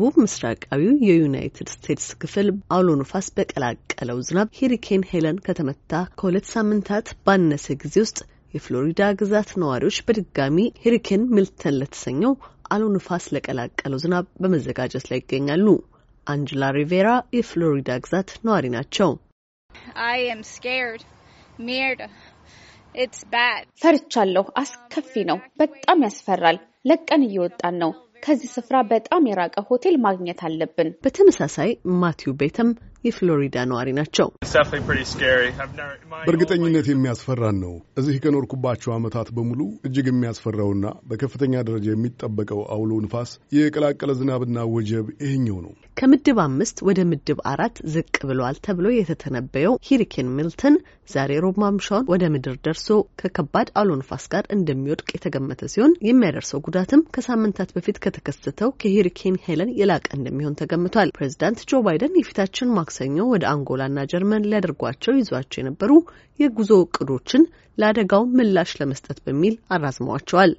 ደቡብ ምስራቃዊው የዩናይትድ ስቴትስ ክፍል አውሎ ንፋስ በቀላቀለው ዝናብ ሄሪኬን ሄለን ከተመታ ከሁለት ሳምንታት ባነሰ ጊዜ ውስጥ የፍሎሪዳ ግዛት ነዋሪዎች በድጋሚ ሄሪኬን ሚልተን ለተሰኘው አውሎ ንፋስ ለቀላቀለው ዝናብ በመዘጋጀት ላይ ይገኛሉ። አንጅላ ሪቬራ የፍሎሪዳ ግዛት ነዋሪ ናቸው። ፈርቻለሁ። አስከፊ ነው። በጣም ያስፈራል። ለቀን እየወጣን ነው። ከዚህ ስፍራ በጣም የራቀ ሆቴል ማግኘት አለብን። በተመሳሳይ ማቲው ቤትም የፍሎሪዳ ነዋሪ ናቸው። በእርግጠኝነት የሚያስፈራን ነው። እዚህ ከኖርኩባቸው ዓመታት በሙሉ እጅግ የሚያስፈራውና በከፍተኛ ደረጃ የሚጠበቀው አውሎ ንፋስ፣ የቀላቀለ ዝናብና ወጀብ ይሄኛው ነው። ከምድብ አምስት ወደ ምድብ አራት ዝቅ ብሏል ተብሎ የተተነበየው ሂሪኬን ሚልተን ዛሬ ሮብ ማምሻውን ወደ ምድር ደርሶ ከከባድ አውሎ ንፋስ ጋር እንደሚወድቅ የተገመተ ሲሆን የሚያደርሰው ጉዳትም ከሳምንታት በፊት ከተከሰተው ከሂሪኬን ሄለን የላቀ እንደሚሆን ተገምቷል። ፕሬዚዳንት ጆ ባይደን የፊታችን ማ ማክሰኞ ወደ አንጎላና ጀርመን ሊያደርጓቸው ይዟቸው የነበሩ የጉዞ እቅዶችን ለአደጋው ምላሽ ለመስጠት በሚል አራዝመዋቸዋል።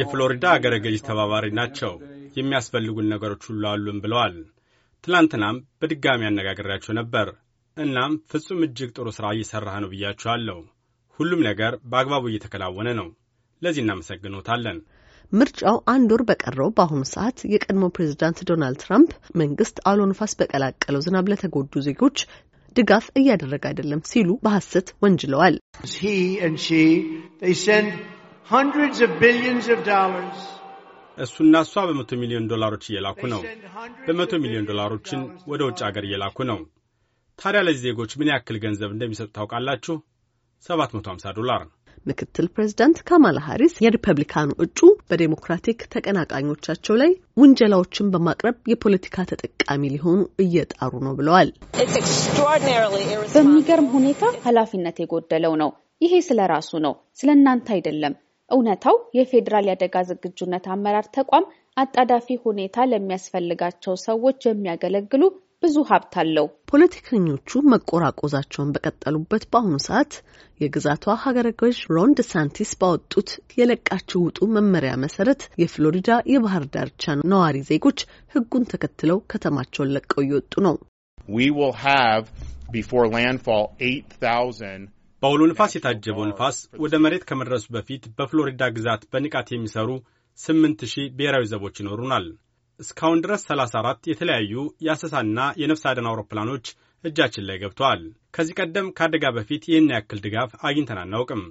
የፍሎሪዳ አገረ ገዥ ተባባሪ ናቸው። የሚያስፈልጉን ነገሮች ሁሉ አሉን ብለዋል። ትላንትናም በድጋሚ አነጋግሬያቸው ነበር። እናም ፍጹም እጅግ ጥሩ ሥራ እየሠራህ ነው ብያቸዋለሁ። ሁሉም ነገር በአግባቡ እየተከናወነ ነው። ለዚህ እናመሰግኖታለን። ምርጫው አንድ ወር በቀረው በአሁኑ ሰዓት የቀድሞ ፕሬዚዳንት ዶናልድ ትራምፕ መንግስት አውሎ ንፋስ በቀላቀለው ዝናብ ለተጎዱ ዜጎች ድጋፍ እያደረገ አይደለም ሲሉ በሐሰት ወንጅለዋል። እሱና እሷ በመቶ ሚሊዮን ዶላሮች እየላኩ ነው። በመቶ ሚሊዮን ዶላሮችን ወደ ውጭ አገር እየላኩ ነው። ታዲያ ለዚህ ዜጎች ምን ያክል ገንዘብ እንደሚሰጡ ታውቃላችሁ? 750 ዶላር ነው። ምክትል ፕሬዚዳንት ካማላ ሀሪስ የሪፐብሊካኑ እጩ በዴሞክራቲክ ተቀናቃኞቻቸው ላይ ውንጀላዎችን በማቅረብ የፖለቲካ ተጠቃሚ ሊሆኑ እየጣሩ ነው ብለዋል። በሚገርም ሁኔታ ኃላፊነት የጎደለው ነው። ይሄ ስለ ራሱ ነው፣ ስለ እናንተ አይደለም። እውነታው የፌዴራል የአደጋ ዝግጁነት አመራር ተቋም አጣዳፊ ሁኔታ ለሚያስፈልጋቸው ሰዎች የሚያገለግሉ ብዙ ሀብት አለው። ፖለቲከኞቹ መቆራቆዛቸውን በቀጠሉበት በአሁኑ ሰዓት የግዛቷ ሀገረ ገዥ ሮን ሳንቲስ ባወጡት የለቃችሁ ውጡ መመሪያ መሰረት የፍሎሪዳ የባህር ዳርቻ ነዋሪ ዜጎች ሕጉን ተከትለው ከተማቸውን ለቀው እየወጡ ነው። በአውሎ ንፋስ የታጀበው ንፋስ ወደ መሬት ከመድረሱ በፊት በፍሎሪዳ ግዛት በንቃት የሚሰሩ ስምንት ሺህ ብሔራዊ ዘቦች ይኖሩናል። እስካሁን ድረስ 34 የተለያዩ የአሰሳና የነፍስ አደን አውሮፕላኖች እጃችን ላይ ገብተዋል። ከዚህ ቀደም ከአደጋ በፊት ይህን ያክል ድጋፍ አግኝተን አናውቅም።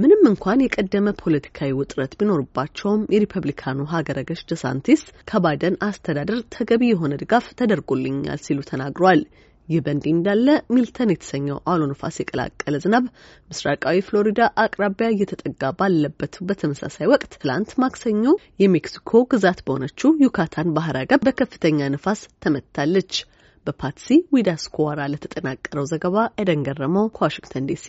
ምንም እንኳን የቀደመ ፖለቲካዊ ውጥረት ቢኖርባቸውም የሪፐብሊካኑ ሀገረ ገዥ ደሳንቲስ ከባይደን አስተዳደር ተገቢ የሆነ ድጋፍ ተደርጎልኛል ሲሉ ተናግሯል። ይህ በእንዲህ እንዳለ ሚልተን የተሰኘው አውሎ ንፋስ የቀላቀለ ዝናብ ምስራቃዊ ፍሎሪዳ አቅራቢያ እየተጠጋ ባለበት በተመሳሳይ ወቅት ትላንት ማክሰኞ የሜክሲኮ ግዛት በሆነችው ዩካታን ባህረ ገብ በከፍተኛ ነፋስ ተመታለች። በፓትሲ ዊዳስኮዋራ ለተጠናቀረው ዘገባ ኤደን ገረመው ከዋሽንግተን ዲሲ